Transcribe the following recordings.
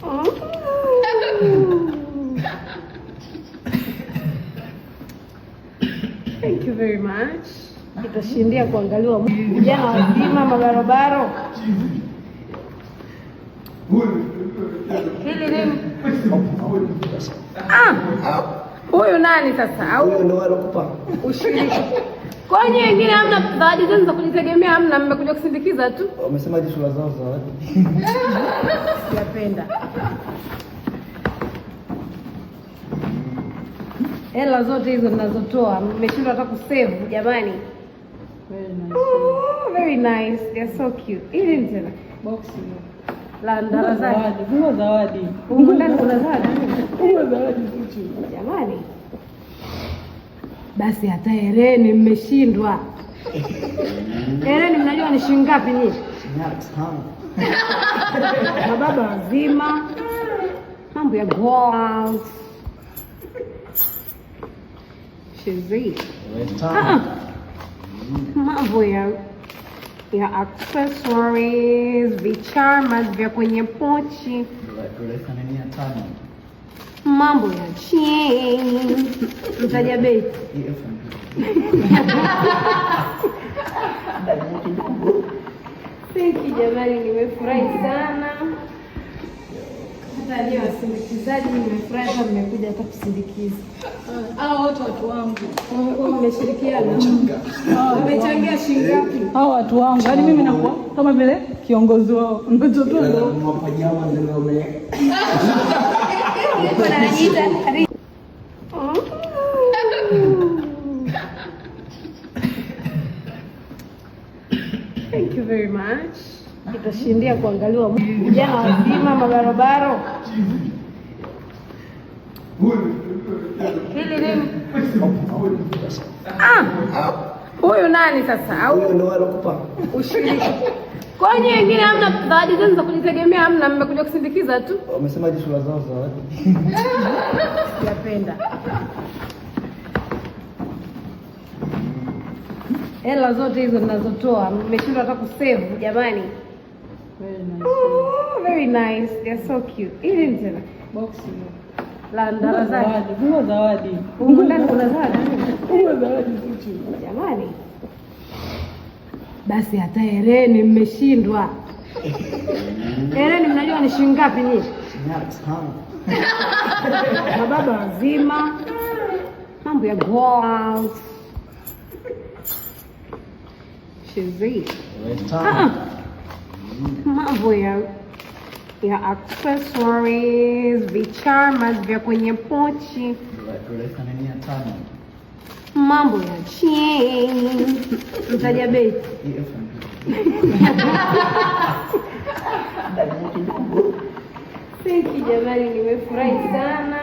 Thank you very much. Itashindia kuangaliwa vijana wazima mabarobaro. Hili ni ah, huyu nani sasa? Au ushiriki kwa hiyo wengine hamna zawadi zenu za kujitegemea, hamna, mmekuja kusindikiza tu. Wamesema hizo sura zao za wapi? Sijapenda. Hela zote hizo ninazotoa mmeshindwa hata kusave jamani. Very nice. Oh, They're so cute. Ili ni tena box hiyo. La ndara zawadi. Kuna zawadi. Kuna zawadi. Kuna zawadi. Jamani basi hata hereni mmeshindwa. Ereni mnajua ni shilingi ngapi nyinyi? Mababa wazima, mambo ya gold ah, ah. Mm. mambo ya ya accessories, vichama vya kwenye pochi mambo ya chini. Mtaja bei you Jamani, nimefurahi sana hata leo wasindikizaji, nimefurahi hata mmekuja hata kusindikiza. Hao watu watu wangu wamekuwa mmeshirikiana, mmechangia shilingi ngapi? Hao watu wangu, yaani mimi nakuwa kama vile kiongozi wao, ndio tu yaani, Thank you very much. Itashindia kuangaliwa vijana wazima mabarobaro. Hili nini? Ah! Huyu nani sasa? Au huyu ndio alokupa ushiriki? Kwa nini wengine hamna zawadi zenu za kujitegemea hamna, mmekuja kusindikiza tu. Wamesema hizo sura zao zawadi. wapi? Napenda. Hela zote hizo ninazotoa mmeshindwa hata kusave jamani. Very nice. Oh, very nice. They're so cute. Ili tena box hiyo la darasani. zawadi huko ndani kuna zawadi, zawadi kuchi. Jamani, basi hata hereni mmeshindwa. ereni mnajua ni shilingi ngapi nyinyi? Mababa wazima, mambo ya go out ah, ah. mambo ya ya accessories, vichamas vya kwenye pochi, mambo ya chini. Mtaja bei jamani, nimefurahi sana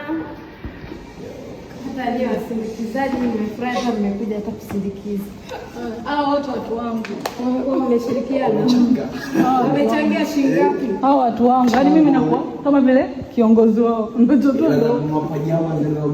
na wasindikizaji, nimefurahi hata mmekuja hata kusindikiza. Ah, Hao wote watu wangu mmeshirikiana, mmechangia ah, shilingi ngapi? Eh. Hao watu wangu, yaani mimi nakuwa kama vile kiongozi wao, mtoto tu yaani